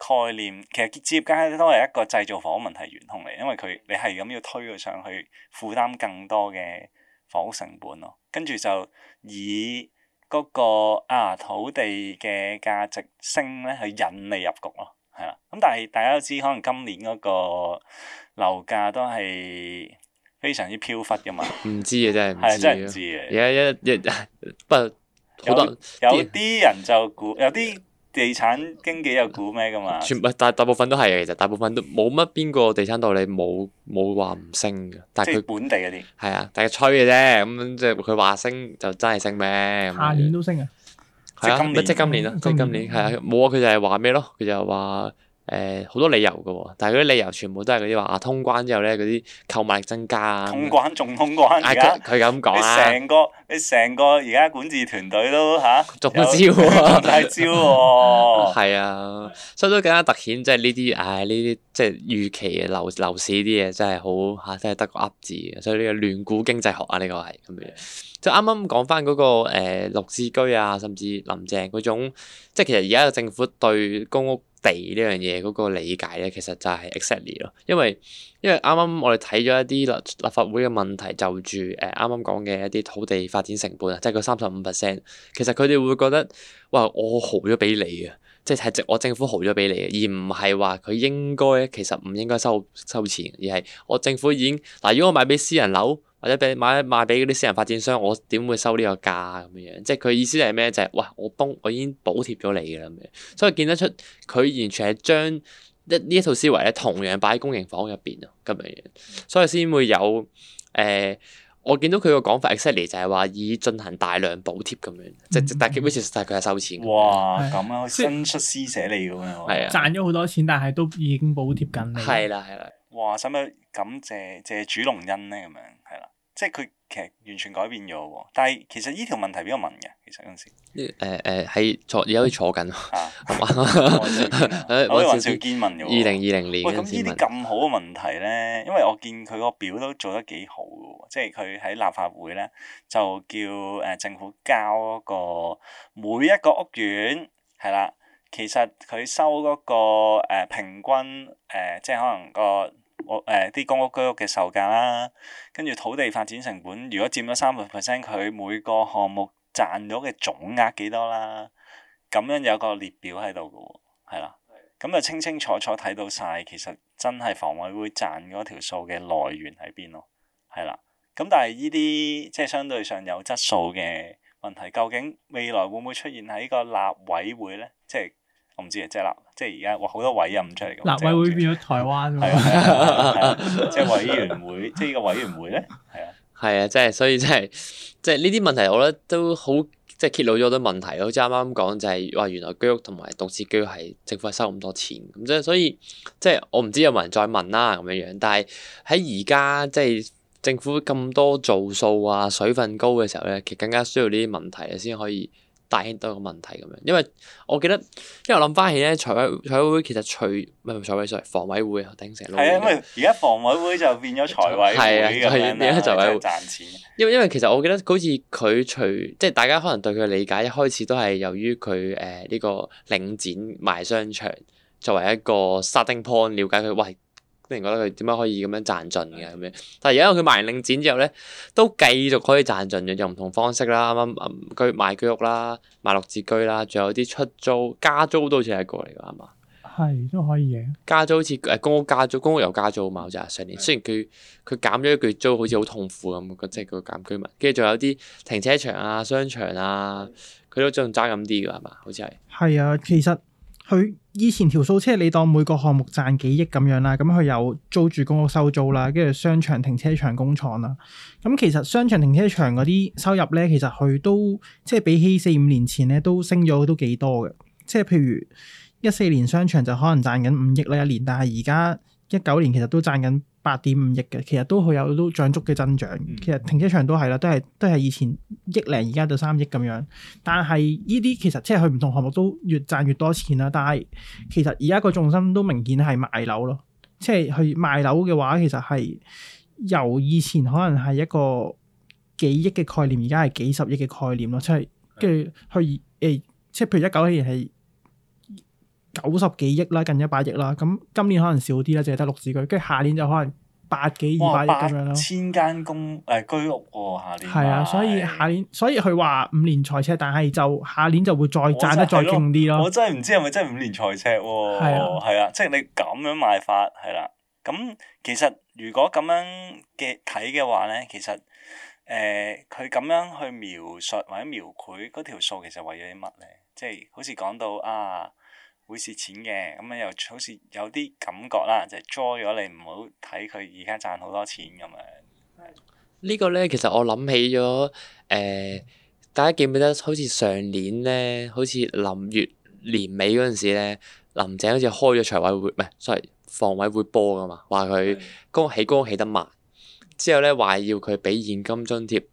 概念其實置業階梯都係一個製造房屋問題源頭嚟，因為佢你係咁要推佢上去，負擔更多嘅房屋成本咯。跟住就以嗰、嗰個啊土地嘅價值升咧，去引你入局咯，係嘛？咁但係大家都知，可能今年嗰個樓價都係非常之飄忽嘅嘛。唔知啊，真係係真唔知嘅。不有啲人就估有啲。 地產經紀又估咩噶嘛？全部大大部分都係其實，大部分都冇乜邊個地產代理冇冇話唔升嘅，但係佢本地嗰啲係啊，但係吹嘅啫，咁即係佢話升就真係升咩？下年都升啊！即今、啊、即今年咯，即今年係年啊，冇啊，佢就係話咩咯？佢就話。誒，好、呃、多理由噶，但係嗰啲理由全部都係嗰啲話通關之後咧，嗰啲購買力增加啊，通關仲通關，而家佢咁講，你成個你成個而家管治團隊都吓，啊、中招啊， 大招啊，係 啊，所以都更加突顯，即係呢啲，唉、就是，呢啲即係預期嘅，樓樓市啲嘢，真係好吓，真係得個噏字，所以呢個亂估經濟學啊，呢、這個係咁樣，即係啱啱講翻嗰個誒綠置居啊，甚至林鄭嗰種，即係其實而家個政府對公屋。地呢樣嘢嗰個理解咧，其實就係 exactly 咯，因為因為啱啱我哋睇咗一啲立立法會嘅問題，就住誒啱啱講嘅一啲土地發展成本啊，即係佢三十五 percent，其實佢哋會覺得哇，我豪咗俾你啊，即係係我政府豪咗俾你啊，而唔係話佢應該，其實唔應該收收錢，而係我政府已經嗱，如果我買俾私人樓。或者俾買賣俾啲私人發展商，我點會收呢個價咁樣？即係佢意思係咩？就係、是、哇！我幫我已經補貼咗你㗎啦咁樣，所以見得出佢完全係將一呢一套思維咧，同樣擺喺公營房入邊咯咁樣。所以先會有誒、呃，我見到佢個講法 exactly 就係話以進行大量補貼咁樣，即、嗯嗯、但基本事實係佢係收錢。哇！咁啊，伸出施捨嚟㗎喎，啊、賺咗好多錢，但係都已經補貼緊你。係啦係啦。哇、啊！使唔使感謝謝主隆恩咧？咁樣係啦。即係佢其實完全改變咗喎，但係其實呢條問題邊個問嘅？其實嗰陣時，誒誒、呃呃、坐而家坐緊我係尹兆堅問嘅。二零二零年咁呢啲咁好嘅問題咧，因為我見佢個表都做得幾好嘅喎，即係佢喺立法會咧就叫誒政府交嗰個每一個屋苑係啦，其實佢收嗰、嗰個、呃、平均誒、呃，即係可能、嗰個。我誒啲公屋居屋嘅售價啦，跟住土地發展成本如果佔咗三百分 percent，佢每個項目賺咗嘅總額幾多啦？咁樣有個列表喺度嘅喎，係啦，咁的就清清楚楚睇到晒，其實真係房委會賺嗰條數嘅來源喺邊咯，係啦。咁但係呢啲即係相對上有質素嘅問題，究竟未來會唔會出現喺個立委會咧？即係。我唔知啊，即係立，即係而家哇，好多委任出嚟咁。立委會變咗台灣喎 即係委員會，即係呢個委員會咧，係啊，係啊，即係所以即係即係呢啲問題，我覺得都好即係揭露咗好多問題咯。好似啱啱講就係、是、話原來居屋同埋綠置居屋係政府係收咁多錢咁，即係所以即係、就是、我唔知有冇人再問啦咁樣樣。但係喺而家即係政府咁多造數啊、水分高嘅時候咧，其實更加需要呢啲問題啊先可以。大興都有個問題咁樣，因為我記得，因為我諗翻起咧，財委財委會其實除唔係財委會，房委會啊，頂成係。係啊，因為而家房委會就變咗財委會咁樣啦。因為因為其實我記得好，好似佢除即係大家可能對佢理解，一開始都係由於佢誒呢個領展賣商場作為一個 starting point，瞭解佢喂。都雖然覺得佢點解可以咁樣賺盡嘅咁樣，是的 但係而家佢賣完領展之後咧，都繼續可以賺盡嘅，用唔同方式啦。佢賣居屋啦，賣綠置居啦，仲有啲出租加租都好似係一個嚟㗎，係嘛？係都可以嘅。加租好似誒公屋加租，公屋有加租啊嘛，好似係上年。是的 雖然佢佢減咗一句租，好似好痛苦咁，即係佢減居民。跟住仲有啲停車場啊、商場啊，佢都仲爭咁啲㗎嘛，好似係。係啊的，其實。佢以前條數，即係，你當每個項目賺幾億咁樣啦，咁佢有租住公屋收租啦，跟住商場、停車場、工廠啦。咁其實商場、停車場嗰啲收入咧，其實佢都即係比起四五年前咧，都升咗都幾多嘅。即係譬如一四年商場就可能賺緊五億啦一年，但係而家。一九年其實都賺緊八點五億嘅，其實都會有都長足嘅增長。嗯、其實停車場都係啦，都係都係以前億零而家到三億咁樣。但係呢啲其實即係佢唔同項目都越賺越多錢啦。但係其實而家個重心都明顯係賣樓咯。即係佢賣樓嘅話，其實係由以前可能係一個幾億嘅概念，而家係幾十億嘅概念咯。即係跟住佢誒，即係譬如一九年係九十幾億啦，近一百億啦。咁今年可能少啲啦，淨係得六字句。跟住下年就可能百幾二百億咁樣咯。千間公誒、呃、居屋、哦、下年。係啊，所以下年所以佢話五年財赤，但係就下年就會再賺得、就是、再勁啲咯。我真係唔知係咪真係五年財赤喎、哦？係啊的，即係、就是、你咁樣賣法係啦。咁其實如果咁樣嘅睇嘅話咧，其實誒佢咁樣去描述或者描繪嗰條數，其實為咗啲乜咧？即、就、係、是、好似講到啊。會蝕錢嘅，咁樣又好似有啲感覺啦，就 joy、係、咗你唔好睇佢而家賺好多錢咁樣。個呢個咧其實我諗起咗，誒、呃，大家記唔記得好？好似上年咧，好似臨月年尾嗰陣時咧，林鄭好似開咗財委會，唔係，sorry 房委會播噶嘛，話佢工起工起得慢，之後咧話要佢俾現金津貼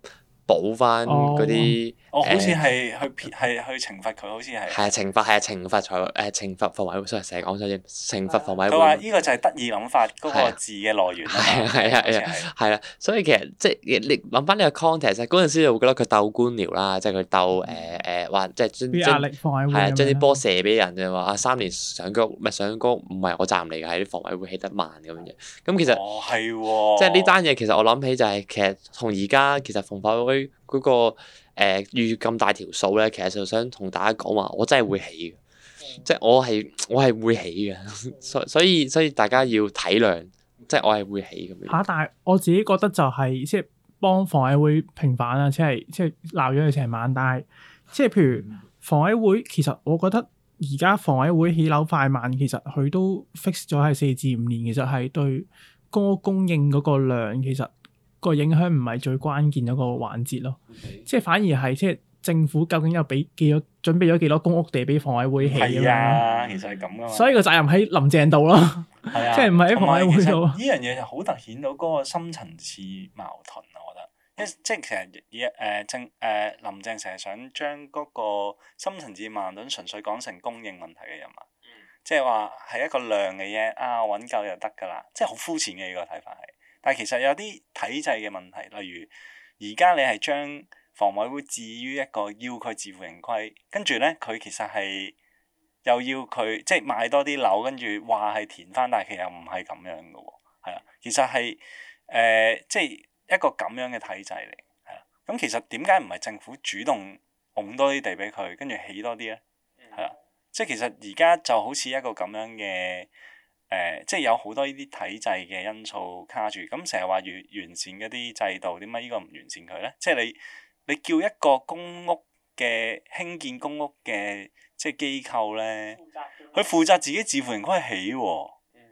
補翻嗰啲。好似係去撇，係去懲罰佢，好似係。係啊，懲罰係啊，懲罰才誒懲罰房委會，所以成日講所以，懲罰房委會。呢個就係得意諗法，嗰個字嘅來源。係啊，係啊，係啊，係啊，所以其實即係你諗翻呢個 context，嗰陣時就會覺得佢鬥官僚啦，即係佢鬥誒誒，話即物係將將啊，將啲波射俾人就話啊，三年上高唔係上高，唔係我站嚟嘅，係啲房委會起得慢咁樣嘢。咁其實係喎，即係呢單嘢其實我諗起就係其實同而家其實房委會嗰個。誒預咁大條數咧，其實就想同大家講話，我真係會起嘅，即係我係我係會起嘅，所 所以所以大家要體諒，即係我係會起咁樣。嚇、啊！但係我自己覺得就係、是、即係幫房委會平反啦，即係即係鬧咗佢成晚，但係即係譬如房委會，其實我覺得而家房委會起樓快慢，其實佢都 fix 咗係四至五年，其實係對個供應嗰個量其實。個影響唔係最關鍵嗰個環節咯，即係反而係即係政府究竟有俾幾多準備咗幾多公屋地俾房委會起啊？係啊，其實係咁噶嘛。所以個責任喺林鄭度咯，係啊，即係唔係喺房委會度？呢樣嘢就好凸顯到嗰個深層次矛盾啊！我覺得，嗯、即係其實以誒政誒林鄭成日想將嗰個深層次矛盾純粹講成供應問題嘅人物，即係話係一個量嘅嘢啊，揾夠就得㗎啦，即係好膚淺嘅呢個睇法係。但其實有啲體制嘅問題，例如而家你係將房委會置於一個要佢自負盈虧，跟住呢，佢其實係又要佢即係買多啲樓，跟住話係填翻，但係其實唔係咁樣嘅喎，係啦，其實係誒、呃、即係一個咁樣嘅體制嚟，係啦。咁其實點解唔係政府主動拱多啲地俾佢，跟住起多啲呢？係啦，即係其實而家就好似一個咁樣嘅。誒、呃，即係有好多呢啲體制嘅因素卡住，咁成日話完完善嗰啲制度，點解呢個唔完善佢呢？即係你你叫一個公屋嘅興建公屋嘅即係機構呢，佢負責自己自負盈虧起喎、哦，係、嗯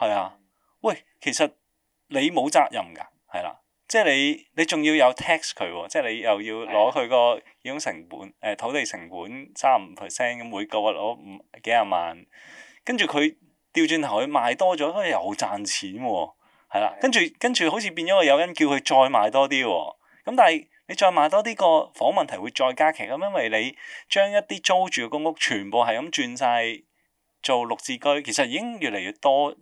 嗯、啊，喂，其實你冇責任㗎，係啦、啊，即係你你仲要有 tax 佢、哦，即係你又要攞佢個養成本誒、啊、土地成本三五 percent 咁每個月攞五幾廿萬，跟住佢。調轉頭去，賣多咗，都又賺錢喎、啊，係啦的。跟住跟住，好似變咗個有人叫佢再賣多啲喎、啊。咁但係你再賣多啲，個房問題會再加劇咁，因為你將一啲租住嘅公屋全部係咁轉晒做六字居，其實已經越嚟越多。誒、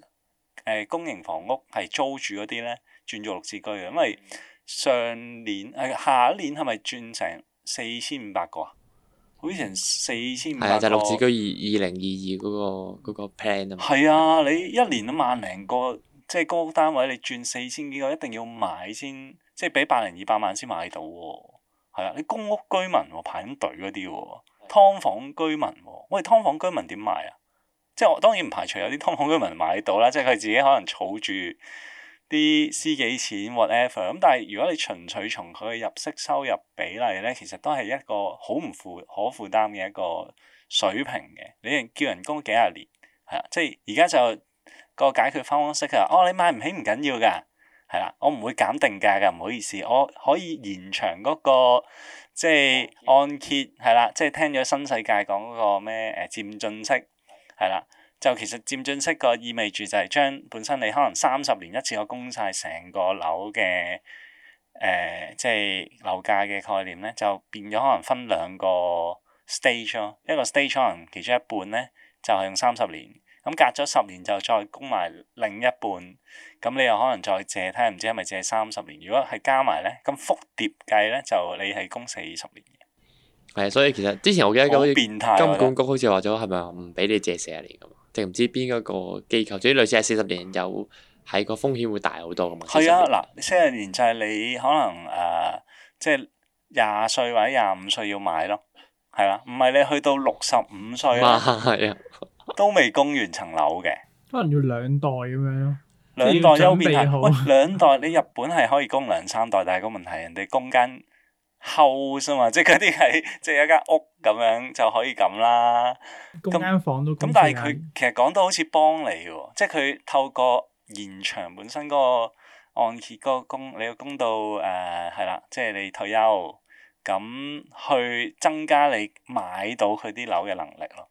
呃，公營房屋係租住嗰啲咧轉做六字居嘅，因為上年誒下一年係咪轉成四千五百個？好似成四千五就綠置居二二零二二嗰個嗰、嗰個 plan 啊。係啊，你一年都萬零個，即係公屋單位你轉四千幾個，一定要買先，即係俾百零二百萬先買到喎。係啊，你公屋居民排緊隊嗰啲喎，劏房居民，喂㓥房居民點買啊？即係我當然唔排除有啲劏房居民買到啦，即係佢自己可能儲住。啲私己錢 whatever 咁，但係如果你純粹從佢嘅入息收入比例咧，其實都係一個好唔負可負擔嘅一個水平嘅。你叫人工幾廿年係啦，即係而家就個解決方式係啦。哦，你買唔起唔緊要㗎，係啦，我唔會減定價㗎，唔好意思，我可以延長嗰個即係按揭係啦，即係聽咗新世界講嗰個咩誒、呃、漸進式係啦。就其實漸進式個意味住就係將本身你可能三十年一次過供曬成個樓嘅，誒，即係樓價嘅概念咧，就變咗可能分兩個 stage 咯。一個 stage 可能其中一半咧就係用三十年，咁隔咗十年就再供埋另一半。咁你又可能再借睇下，唔知係咪借三十年？如果係加埋咧，咁覆疊計咧就你係供四十年嘅。係啊，所以其實之前我記得好似好變態，金管局好似話咗係咪唔俾你借四十年㗎嘛？定唔知邊一個機構，總之類似係四十年有，係個風險會大好多噶嘛。係啊，嗱，四十年就係你可能誒，即係廿歲或者廿五歲要買咯，係啦，唔係你去到六十五歲咧，都未供完層樓嘅。 可能要兩代咁樣咯。兩代優點係，喂，兩代你日本係可以供兩三代，但係個問題，人哋供間。厚啫嘛，即係嗰啲係即係一間屋咁樣就可以咁啦。咁，但係佢其實講到好似幫你喎，即係佢透過延長本身嗰個按揭嗰個供，你要供到誒係啦，即、呃、係、即係、你退休咁去增加你買到佢啲樓嘅能力咯。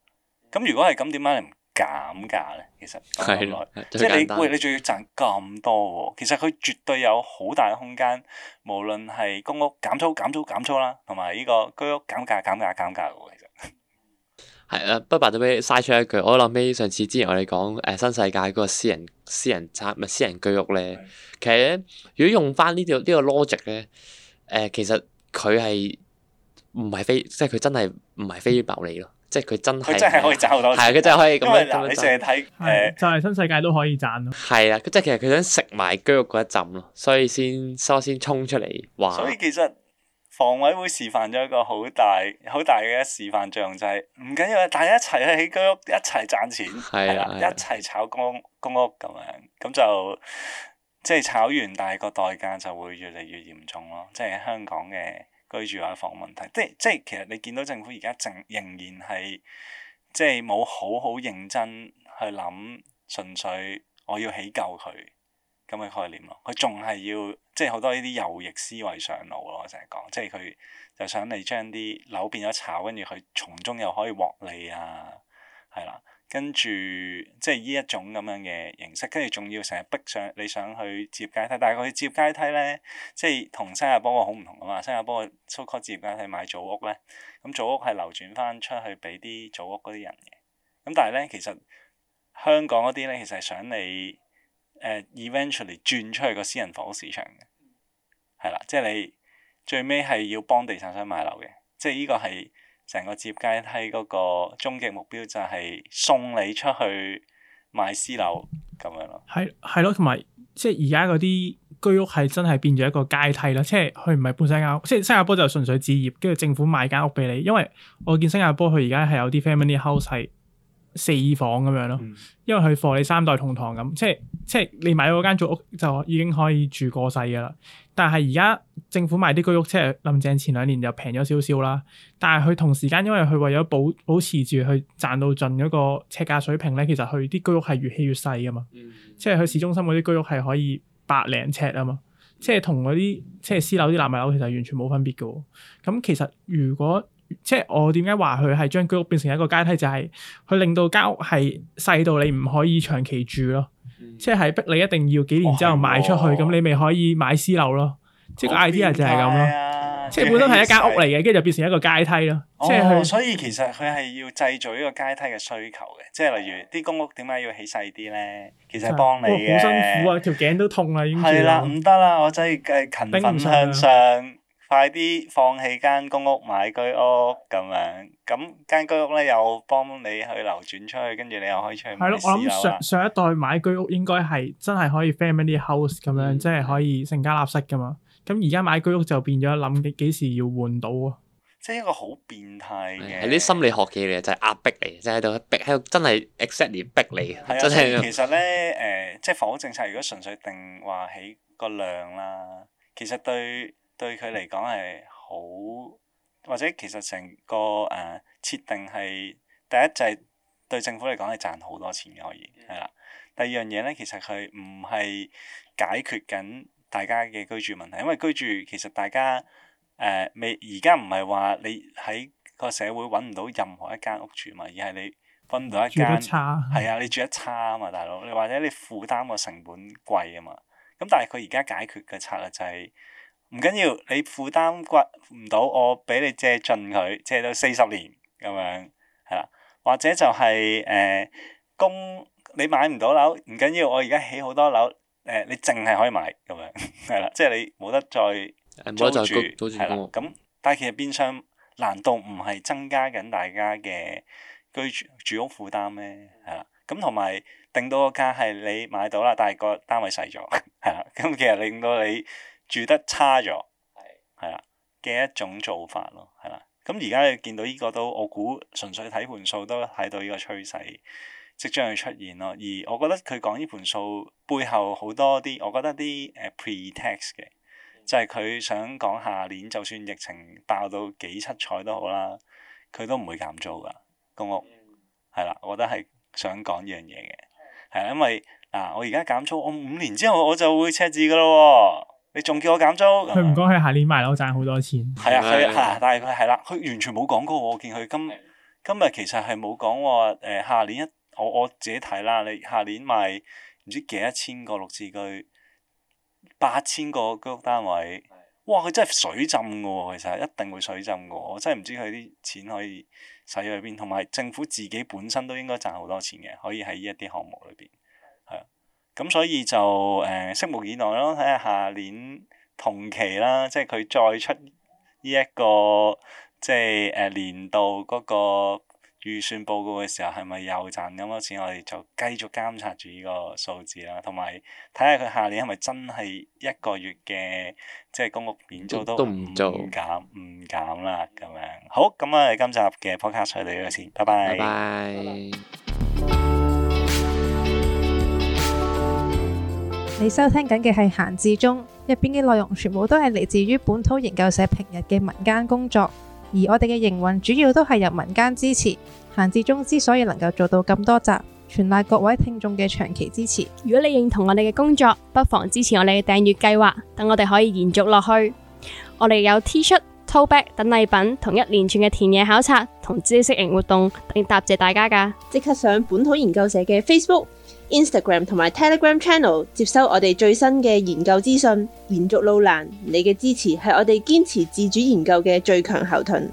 咁如果係咁，點解你唔？減價咧，其實係的即係你單喂，你仲要賺咁多喎？其實佢絕對有好大嘅空間，無論係公屋減租、減租、減租啦，同埋呢個居屋減價、減價、減價喎。其實係啊，不白就俾嘥出一句，我諗起上次之前我哋講誒新世界嗰個私人私人差唔私，私人居屋咧，其實如果用翻呢條呢個 logic 咧，誒其實佢係唔係非即係佢真係唔係非暴利咯。即係佢真係，佢真係可以賺好多錢，係佢真係可以咁樣。因為你成日睇誒，就係，是、新世界都可以賺咯。係啊，即係其實佢想食埋居屋嗰一陣咯，所以先收先衝出嚟玩。所以其實房委會示範咗一個好大、好大嘅示範作用，是，唔緊要啊！大家一齊去起居屋一齊賺錢，係啦的，的一齊炒公屋。公屋咁樣，咁就即係炒完，大係個代價就會越嚟越嚴重咯。即係香港嘅。居住啊，房問題，即係即係其實你見到政府而家正仍然係即係冇好好認真去諗，純粹我要起救佢咁嘅概念咯。佢仲係要即係好多呢啲右翼思維上腦咯，我成日講即係佢就想你將啲樓變咗炒，跟住佢從中又可以獲利啊，係啦。跟住即係呢一種咁樣嘅形式，跟住仲要成日逼上你想去接階梯，但係佢接階梯呢，即係同新加坡好唔同啊嘛！新加坡收購接階梯買組屋呢，咁組屋係流轉返出去畀啲組屋嗰啲人嘅，咁但係呢，其實香港嗰啲呢，其實係想你誒、呃、eventually 轉出去個私人房屋市場嘅，係啦，即係你最尾係要幫地產商買樓嘅，即係呢個係。成個接階梯嗰個終極目標就係送你出去買私樓咁樣咯，係係咯，同埋即係而家嗰啲居屋係真係變咗一個階梯啦，即係佢唔係半新家屋，即係新加坡就純粹置業，跟住政府買間屋俾你，因為我見新加坡佢而家係有啲 family house 四房咁樣咯，因為佢貨你三代同堂咁，即係即係你買嗰間祖屋就已經可以住過世噶啦。但係而家政府賣啲居屋，即係林鄭前兩年就平咗少少啦。但係佢同時間因為佢為咗保保持住佢賺到盡嗰個尺價水平咧，其實佢啲居屋係越起越細噶嘛。即係喺市中心嗰啲居屋係可以百零尺啊嘛。即係同嗰啲即係私樓啲納米樓其實完全冇分別噶。咁其實如果即係我點解話佢係將居屋變成一個階梯，就係佢令到間屋係細到你唔可以長期住咯，即係逼你一定要幾年之後賣出去，咁你咪可以買私樓咯。即係個 idea 就係咁咯。即係本身係一間屋嚟嘅，跟住就變成一個階梯咯。即係佢，所以其實佢係要製造呢個階梯嘅需求嘅。即係例如啲公屋點解要起細啲咧？其實幫你嘅。我好辛苦啊，條頸都痛啦，已經係啦，唔得啦，我真係係勤奮向上。快啲放棄間公屋買居屋咁樣，咁間居屋咧又幫你去流轉出去，跟住你又可以出去。係咯的，居居我諗上上一代買居屋應該係真係可以 family house 咁樣，嗯、即係可以成家立室噶嘛。咁而家買居屋就變咗諗幾幾時要換到啊？即係一個好變態嘅係啲心理學嘅嘢嚟，就係、是、壓迫嚟，就喺度逼喺度，真係 exactly 逼你。係啊，其實咧誒、呃，即係房屋政策，如果純粹定話起個量啦，其實對。對佢嚟講係好，或者其實成個誒設、呃、定係第一就係、是、對政府嚟講係賺好多錢嘅可以係啦。第二樣嘢咧，其實佢唔係解決緊大家嘅居住問題，因為居住其實大家誒、呃、未而家唔係話你喺個社會揾唔到任何一間屋住嘛，而係你分唔到一間差係啊，你住得差啊嘛，大佬你或者你負擔個成本貴啊嘛。咁但係佢而家解決嘅策略就係、是。唔緊要，你負擔骨唔到，我俾你借盡佢，借到四十年咁樣係啦。或者就係、誒、呃、供你買唔到樓，唔緊要，我而家起好多樓誒、呃，你淨係可以買咁樣係啦。即係你冇得再租住係啦。咁但係其實變相難道唔係增加緊大家嘅居住住屋負擔咩？係啦。咁同埋定到個價係你買到啦，但係個單位細咗係啦。咁其實令到你。住得差咗，係係啦嘅一種做法咯，係啦。咁而家你見到呢個都，我估純粹睇盤數都睇到呢個趨勢即將會出現咯。而我覺得佢講呢盤數背後好多啲，我覺得啲誒 pretext 嘅，就係、是、佢想講下年就算疫情爆到幾七彩都好啦，佢都唔會減租噶公屋係啦。我覺得係想講呢樣嘢嘅，係啦，因為嗱、啊，我而家減租，我五年之後我就會赤字噶咯。你仲叫我減租，佢唔講，佢下年賣樓賺好多錢。係啊，係啊，啊，但係佢係啦，佢、啊、完全冇講過。我見佢今的今日其實係冇講喎。誒、呃，下年一，我我自己睇啦，你下年賣唔知幾一千個綠置居，八千個居屋單位。的哇！佢真係水浸噶喎，其實一定會水浸噶。我真係唔知佢啲錢可以使去邊，同埋政府自己本身都應該賺好多錢嘅，可以喺呢一啲項目裏邊。咁所以就誒拭、呃、目以待咯，睇下下年同期啦，即係佢再出呢一個即係誒、呃、年度嗰個預算報告嘅時候，係咪又賺咁多錢？我哋就繼續監察住呢個數字啦，同埋睇下佢下年係咪真係一個月嘅即係公屋免租都唔減唔減啦咁樣。好，咁我哋今集嘅 podcast 就到呢度先，拜拜。拜拜。拜拜。你收聽緊嘅係閒置中，入邊嘅內容全部都係嚟自於本土研究社平日嘅民間工作，而我哋嘅營運主要都係由民間支持。閒置中之所以能夠做到咁多集，全賴各位聽眾嘅長期支持。如果你認同我哋嘅工作，不妨支持我哋嘅訂閱計劃，等我哋可以延續落去。我哋有 T-shirt、Tote Bag 等禮品，同一連串嘅田野考察同知識型活動，嚟答謝大家噶。即刻上本土研究社嘅 Facebook。Instagram 同埋 Telegram Channel 接收我哋最新嘅研究資訊，延續路難，你嘅支持係我哋堅持自主研究嘅最強後盾。